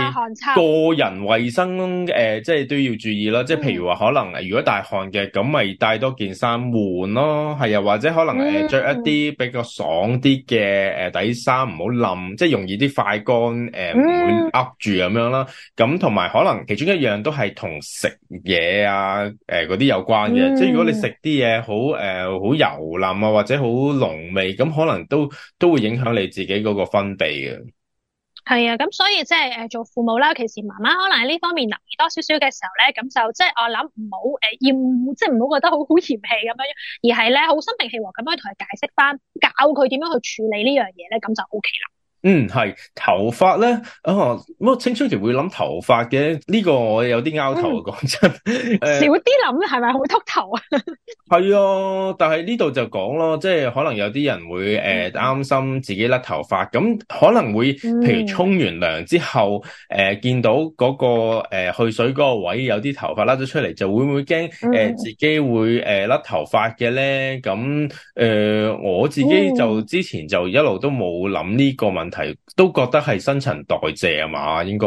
個人衛生誒、嗯呃，即係都要注意啦。即係譬如話，可能如果大汗嘅，咁咪帶多件衫換咯。係又或者可能誒着、嗯呃、一啲比較爽啲嘅誒底衫，唔好冧，即係容易啲快乾。誒、呃、唔、嗯、會噏住咁樣啦。咁同埋可能其中一樣都係同食嘢啊，誒嗰啲有關嘅。嗯、即係如果你食啲嘢好誒好油膩啊，或者好濃味，咁可能都都會影響你自己嗰個分泌嘅。係啊，咁 所以即係誒，做父母啦，其實媽媽可能喺呢方面留意多少少嘅時候咧，咁就、就是呃、即係我諗唔好誒，嫌即係唔好覺得好好嫌棄咁樣，而係咧好心平氣和咁樣同佢解釋翻，教佢點樣去處理呢樣嘢咧，咁就 OK 啦。嗯，係頭髮咧，咁、啊、我、嗯、青春期會諗頭髮嘅呢個，我有啲拗頭講真，嗯、少啲諗係咪好禿頭啊？係 啊、嗯，但係呢度就講咯，即係可能有啲人會誒擔、呃、心自己甩頭髮，咁、嗯嗯、可能會，譬如沖完涼之後，誒、呃、見到嗰、嗰個誒、呃、去水嗰個位有啲頭髮甩咗出嚟，就會唔會驚誒、呃、自己會誒甩頭髮嘅咧？咁誒我自己就之前就一路都冇諗呢個問。嗯嗯嗯係都覺得係新陳代謝啊嘛，應該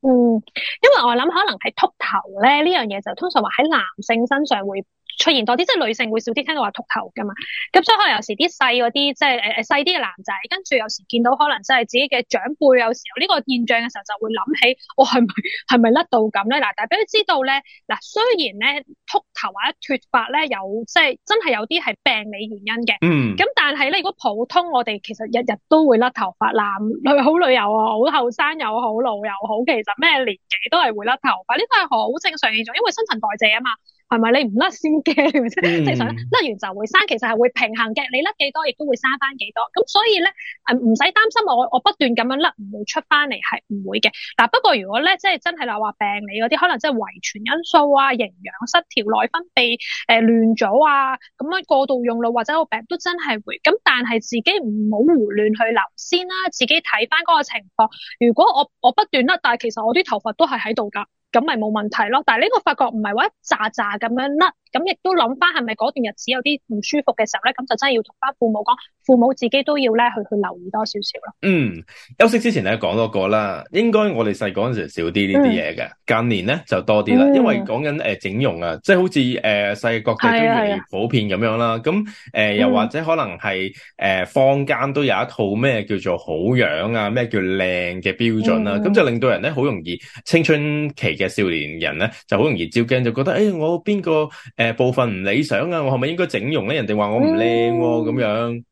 嗯，因為我諗可能係禿頭咧呢樣嘢、這個、就通常話喺男性身上會出現多啲，即係女性會少啲聽到話禿頭噶嘛，咁所以可能有時啲細嗰啲，即係誒誒細啲嘅男仔，跟住有時見到可能即係自己嘅長輩，有時候呢個現象嘅時候，就會諗起我係咪係咪甩到咁咧？嗱，但係俾佢知道咧，嗱雖然咧禿頭或者脫髮咧有即係真係有啲係病理原因嘅，嗯，咁但係咧如果普通，我哋其實日日都會甩頭髮，男、呃、女好女又好，好後生又好老又好，其實咩年紀都係會甩頭髮，呢啲係好正常現象，因為新陳代謝啊嘛。係咪你唔甩先驚？即係想甩完就會生，其實係會平衡嘅。你甩幾多，甩多，亦都會生翻幾多。咁所以咧，誒唔使擔心。我我不斷咁樣甩，唔會出翻嚟，係唔會嘅。嗱，不過如果咧，即係真係嗱話病理嗰啲，可能即係遺傳因素啊、營養失調、內分泌誒亂咗啊，咁樣過度用腦或者個病都真係會。咁但係自己唔好胡亂去留先啦、啊。自己睇翻嗰個情況。如果我我不斷甩，但係其實我啲頭髮都係喺度噶。咁咪冇問題咯，但係呢個發覺唔係話一紮紮咁樣甩。咁亦都諗翻係咪嗰段日子有啲唔舒服嘅時候咧？咁就真係要同翻父母講，父母自己都要咧去去留意多少少咯。嗯，休息之前咧講多個該些些、嗯、多啦，應該我哋細個嗰陣時少啲呢啲嘢嘅，近年咧就多啲啦，因為講緊誒整容啊，即係好似誒、呃、世界各地都越嚟越普遍咁樣啦。咁誒、嗯呃、又或者可能係誒、呃、坊間都有一套咩叫做好樣啊，咩叫靚嘅標準啦、啊，咁、嗯、就令到人咧好容易青春期嘅少年人咧就好容易照鏡就覺得誒、哎呃、我邊個？誒，部分唔理想啊，我係咪應該整容咧？人哋話我唔靚喎，咁樣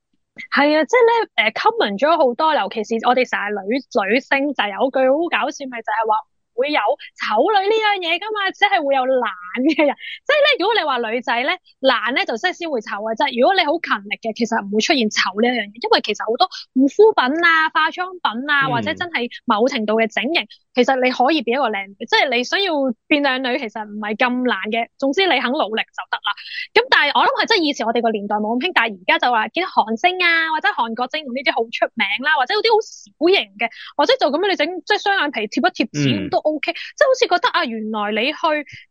係、嗯、啊，即係咧，誒，common 咗好多，尤其是我哋成日女女性就有句好搞笑咪就係、是、話會有醜女呢樣嘢噶嘛，只係會有懶嘅人，即係咧，如果你話女仔咧懶咧，就真係先會醜啊即係。如果你好勤力嘅，其實唔會出現醜呢一樣嘢，因為其實好多護膚品啊、化妝品啊，或者真係某程度嘅整形。嗯其實你可以變一個靚女，即係你想要變靚女，其實唔係咁難嘅。總之你肯努力就得啦。咁但係我諗係即係以前我哋個年代冇咁興，但係而家就話見到韓星啊或者韓國整容呢啲好出名啦，或者有啲好小型嘅，或者就咁樣你整即係雙眼皮貼一貼紙都 OK、嗯。即係好似覺得啊，原來你去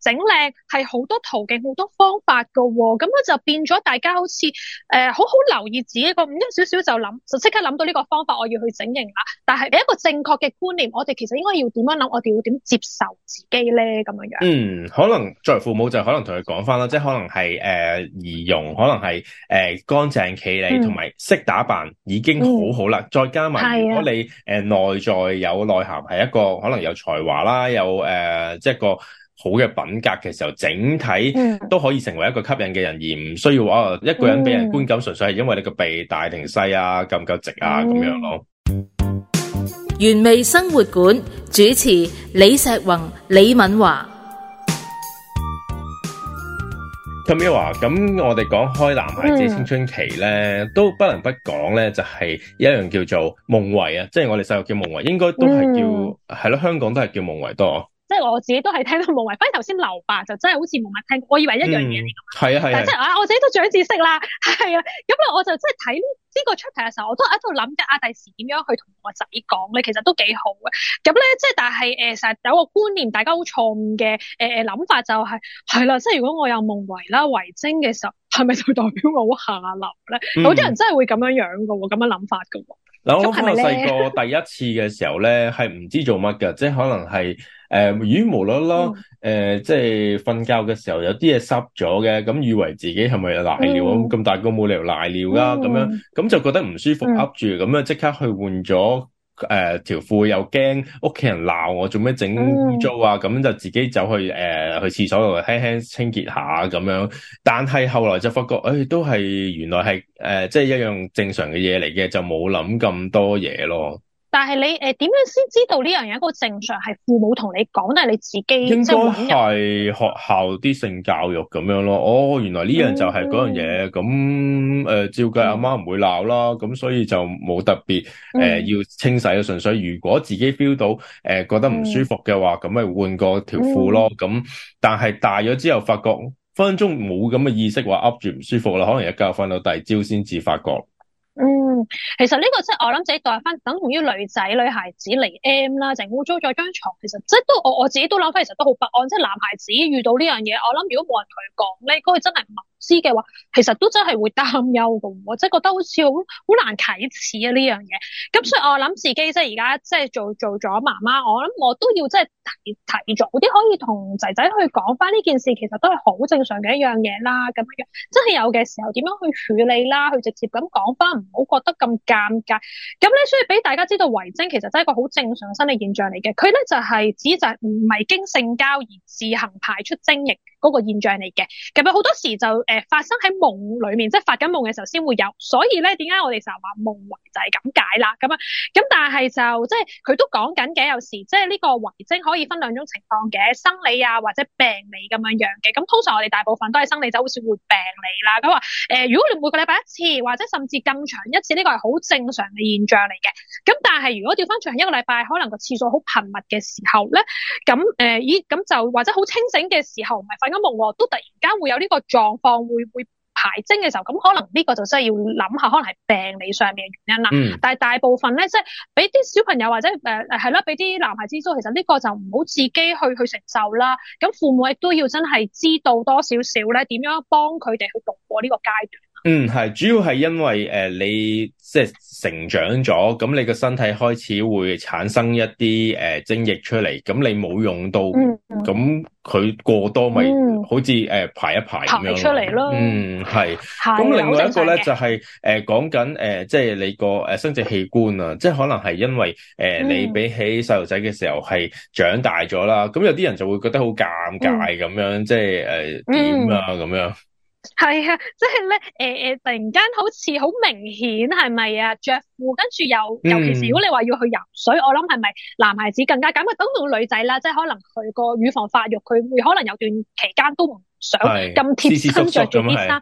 整靚係好多途徑好多方法㗎喎、哦。咁樣就變咗大家好似誒、呃、好好留意自己一個五官少少就諗，就即刻諗到呢個方法，我要去整形啦。但係俾一個正確嘅觀念，我哋其實應該要。點樣諗，我哋會點接受自己咧？咁樣樣，嗯，可能作為父母就可能同佢講返啦，即係可能係誒儀容，可能係誒乾淨企理，同埋識打扮已經好好啦。嗯、再加埋如果你誒內、呃、在有內涵，係一個可能有才華啦，有誒、呃、即係個好嘅品格嘅時候，整體都可以成為一個吸引嘅人，而唔需要話一個人俾人觀感，純、嗯、粹係因為你個鼻大定細啊，夠唔夠直啊咁樣咯。嗯原味生活館主持李碩宏、李敏華。陳一華，咁我哋講開男孩子青春期咧，mm hmm. 都不能不講咧，就係、是、一樣叫做夢遺啊，即、就、係、是、我哋細個叫夢遺，應該都係叫係咯、mm hmm.，香港都係叫夢遺多。即係我自己都係聽到夢遺，反而頭先劉爸就真係好似冇乜聽，我以為一樣嘢。係啊，係但即係啊，我自己都長知識啦，係啊。咁、嗯、咧我就即係睇呢個出題嘅時候，我都喺度諗緊阿第時點樣去同個仔講咧？其實都幾好嘅。咁咧即係但係誒，成日有個觀念，大家好錯誤嘅誒誒諗法就係係啦。即係如果我有夢遺啦、遺精嘅時候，係咪就代表我好下流咧？好多人真係會咁樣樣嘅喎，咁樣諗法嘅喎。嗱，我細個第一次嘅時候咧，係唔 知做乜嘅，即係可能係誒，如果冇啦啦，誒、嗯、呃，即係瞓覺嘅時候有啲嘢濕咗嘅，咁以為自己係咪有賴尿啊？咁、嗯、大個冇理由賴尿噶，咁、嗯、樣，咁就覺得唔舒服噏住，咁、嗯、樣即刻去換咗。誒，條褲、呃、又驚屋企人鬧我，做咩整污糟啊？咁就自己走去誒、呃，去厠所度輕輕清潔下咁樣。但係後來就發覺，誒、哎，都係原來係誒、呃，即係一樣正常嘅嘢嚟嘅，就冇諗咁多嘢咯。但係你誒點、呃、樣先知道呢樣嘢一個正常，係父母同你講定係你自己？應該係學校啲性教育咁樣咯。哦，原來呢樣就係嗰樣嘢。咁誒照計阿媽唔會鬧啦。咁所以就冇特別誒、呃、要清洗。純粹如果自己 feel 到誒、呃、覺得唔舒服嘅話，咁咪換個條褲咯。咁、嗯、但係大咗之後，發覺分分鐘冇咁嘅意識話噏住唔舒服啦。可能一覺瞓到第二朝先至發覺。嗯，其實呢個即、就、係、是、我諗自己代翻，等同於女仔、女孩子嚟 M 啦，整污糟咗張床，其實即係都我我自己都諗翻，其實都好不安。即、就、係、是、男孩子遇到呢樣嘢，我諗如果冇人同佢講咧，嗰個真係唔。知嘅話，其實都真係會擔憂㗎，我真係覺得好似好好難啟齒啊呢樣嘢。咁所以我媽媽，我諗自己即係而家即係做做咗媽媽，我諗我都要即係提提早啲，可以同仔仔去講翻呢件事，其實都係好正常嘅一樣嘢啦。咁樣，即係有嘅時候，點樣去處理啦？去直接咁講翻，唔好覺得咁尷尬。咁咧，所以俾大家知道，遺精其實真係一個好正常嘅生理現象嚟嘅。佢咧就係指就係唔係經性交而自行排出精液。嗰個現象嚟嘅，咁啊好多時就誒、呃、發生喺夢裡面，即係發緊夢嘅時候先會有，所以咧點解我哋成日話夢遺就係咁解啦。咁啊咁，但係就即係佢都講緊嘅，有時即係呢個遺精可以分兩種情況嘅，生理啊或者病理咁樣樣嘅。咁通常我哋大部分都係生理就好少會病理啦。咁話誒，如果你每個禮拜一次，或者甚至更長一次，呢個係好正常嘅現象嚟嘅。咁但係如果調翻長一個禮拜，可能個次數好頻密嘅時候咧，咁誒咦咁就或者好清醒嘅時候，唔係、呃都突然間會有呢個狀況，會會排精嘅時候，咁可能呢個就真係要諗下，可能係病理上面嘅原因啦。嗯、但係大部分咧，即係俾啲小朋友或者誒係啦，俾、呃、啲男孩子知，其實呢個就唔好自己去去承受啦。咁父母亦都要真係知道多少少咧，點樣幫佢哋去度過呢個階段。嗯，係主要係因為誒、呃，你即係成長咗，咁你個身體開始會產生一啲誒、呃、精液出嚟，咁你冇用到，咁佢過多咪好似誒排一排咁樣出嚟咯。嗯，係。咁另外一個咧就係誒講緊誒，即係你個誒生殖器官啊，即係可能係因為誒、呃嗯、你比起細路仔嘅時候係長大咗啦，咁有啲人就會覺得好尷尬咁、嗯、樣，即係誒點啊咁樣。係啊，即係咧，誒、呃、誒，突然間好似好明顯，係咪啊？着褲跟住又，尤其是如果你話要去游水，嗯、我諗係咪男孩子更加簡單，嗯、等到女仔啦，即係可能佢個乳房發育，佢會可能有段期間都唔想咁貼身着住啲衫。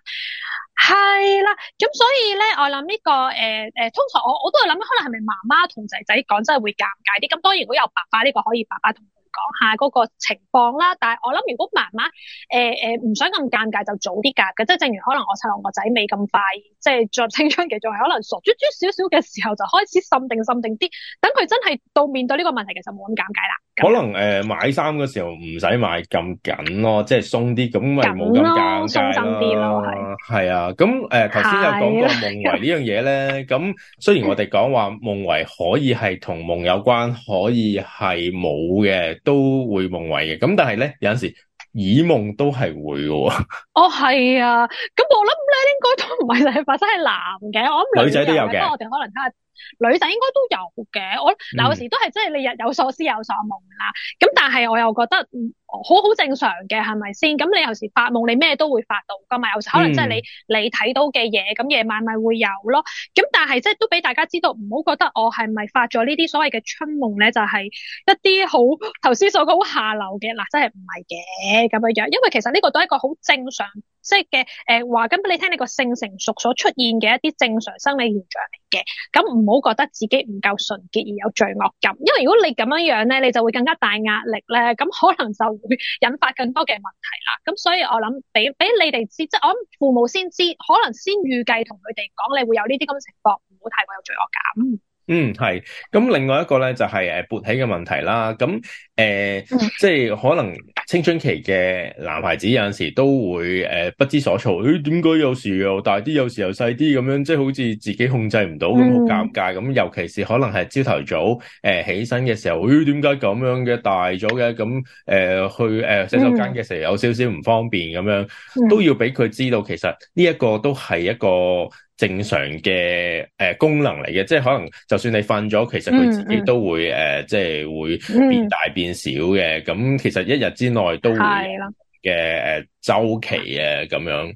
係啦是，咁、啊、所以咧，我諗呢、這個誒誒、呃，通常我我都係諗，可能係咪媽媽同仔仔講真係會尷尬啲？咁當然如果有爸爸呢、這個可以爸爸同。講下嗰個情況啦，但係我諗如果媽媽誒誒唔想咁尷尬，就早啲教嘅，即係正如可能我湊我個仔未咁快，即係作青春期仲係可能傻豬豬少少嘅時候，就開始滲定滲定啲，等佢真係到面對呢個問題，其實冇咁尷尬啦。可能誒、呃、買衫嘅時候唔使買咁緊咯，即係鬆啲咁咪冇咁尷尬咯。係啊，咁誒頭先有講過夢遺呢樣嘢咧。咁 雖然我哋講話夢遺可以係同夢有關，可以係冇嘅都會夢遺嘅。咁但係咧有陣時以夢都係會嘅。哦，係啊。咁我諗咧應該都唔係女發生，係男嘅。我諗女仔都有嘅。我哋可能睇下。女仔應該都有嘅，我嗱，有時都係即係你日有所思，有所夢啦。咁但係我又覺得好好正常嘅，係咪先？咁你有時發夢，你咩都會發到噶嘛？有時可能即係你，嗯、你睇到嘅嘢，咁夜晚咪會有咯。咁但係即係都俾大家知道，唔好覺得我係咪發咗呢啲所謂嘅春夢咧？就係、是、一啲好頭先所講好下流嘅嗱，啊，真係唔係嘅咁樣樣。因為其實呢個都係一個好正常。即係嘅，誒、呃，話咁俾你聽，你個性成熟所出現嘅一啲正常生理現象嚟嘅，咁唔好覺得自己唔夠純潔而有罪惡感，因為如果你咁樣樣咧，你就會更加大壓力咧，咁可能就會引發更多嘅問題啦。咁所以我諗，俾俾你哋知，即係我諗父母先知，可能先預計同佢哋講，你會有呢啲咁嘅情況，唔好太過有罪惡感。嗯，係。咁、嗯、另外一個咧，就係、是、誒、呃、勃起嘅問題啦。咁、嗯、誒、呃，即係可能青春期嘅男孩子有陣時都會誒、呃、不知所措。誒、哎，點解有時又大啲，有時又細啲咁樣？即係好似自己控制唔到咁，好、嗯、尷尬。咁、嗯、尤其是可能係朝頭早誒、呃、起身嘅時候，誒、哎，點解咁樣嘅大咗嘅？咁誒、呃、去誒、呃、洗手間嘅時候有少少唔方便咁、嗯嗯、樣，都要俾佢知道，其實呢一個都係一個。正常嘅誒、呃、功能嚟嘅，即係可能就算你瞓咗，其實佢自己都會誒、嗯呃，即係會變大變小嘅。咁、嗯、其實一日之內都會嘅誒的、呃、周期啊，咁樣。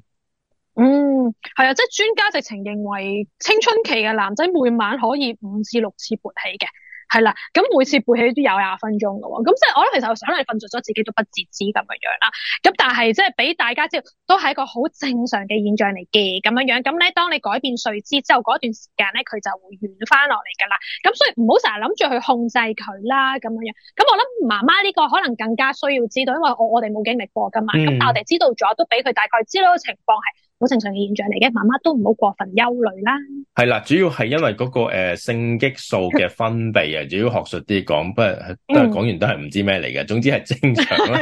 嗯，係啊，即係專家直情認為青春期嘅男仔每晚可以五至六次勃起嘅。係啦，咁每次背起都有廿分鐘噶喎，咁即係我諗其實想你瞓着咗自己都不自知咁樣樣啦，咁但係即係俾大家知道，都係一個好正常嘅現象嚟嘅咁樣樣，咁咧當你改變睡姿之後，嗰段時間咧佢就會軟翻落嚟噶啦，咁所以唔好成日諗住去控制佢啦咁樣樣，咁我諗媽媽呢個可能更加需要知道，因為我我哋冇經歷過噶嘛，咁、嗯、但我哋知道咗都俾佢大概知道個情況係。好正常嘅現象嚟嘅，媽媽都唔好過分憂慮啦。係啦，主要係因為嗰、那個誒、呃、性激素嘅分泌啊，如果 學術啲講，不過都係講完都係唔知咩嚟嘅。 總之係正常啦，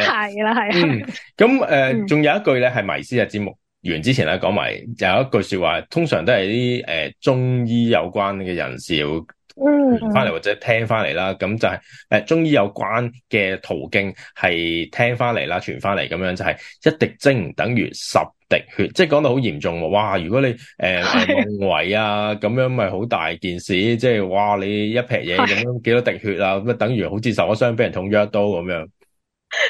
係係啦，係、 嗯。咁誒， 仲、嗯呃、 有一句咧，係迷思嘅節目完之前咧，講埋有一句說話，通常都係啲誒中醫有關嘅人士要嗯，翻嚟或者聽翻嚟啦，咁就係、是、誒、呃、中醫有關嘅途徑係聽翻嚟啦，傳翻嚟咁樣就係、是、一滴精唔等於十滴血，即係講到好嚴重喎。哇，如果你誒夢遺啊，咁樣咪好大件事，即係哇你一劈嘢咁樣幾多滴血啊，咁啊是等於好似受咗傷，俾人捅咗一刀咁樣。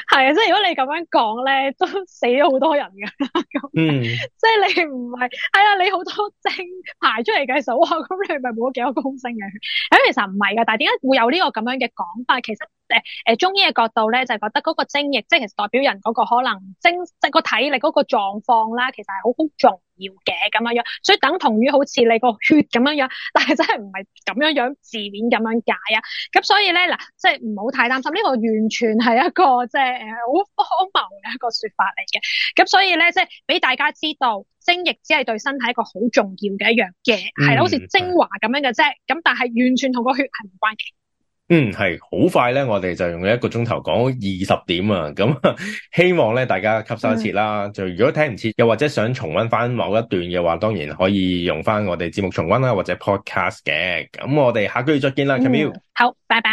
係啊，即係如果你咁樣講咧，都死咗好多人噶啦。咁、嗯， 即係你唔係，係啊，你好多精排出嚟嘅時候，哇，咁你咪冇咗幾多公升嘅。咁其實唔係噶，但係點解會有呢個咁樣嘅講法？其實。誒誒，中醫嘅角度咧，就係、是、覺得嗰個精液，即、就、係、是、其實代表人嗰個可能精即係、就是、個體力嗰個狀況啦，其實係好好重要嘅咁樣樣，所以等同於好似你個血咁樣樣，但係真係唔係咁樣樣字面咁樣解啊。咁所以咧嗱，即係唔好太擔心呢、這個、個，完全係一個即係誒好荒謬嘅一個說法嚟嘅。咁所以咧，即係俾大家知道，精液只係對身體一個好重要嘅一樣嘢，係啦、嗯，好似精華咁樣嘅啫。咁的但係完全同個血係唔關嘅。嗯，係好快咧，我哋就用咗一個鐘頭講二十點啊。咁希望咧，大家吸收一次啦。的就如果聽唔切，又或者想重溫翻某一段嘅話，當然可以用翻我哋節目重溫啦，或者 podcast 嘅。咁我哋下個月再見啦，Kamio。嗯、ille 好，拜拜。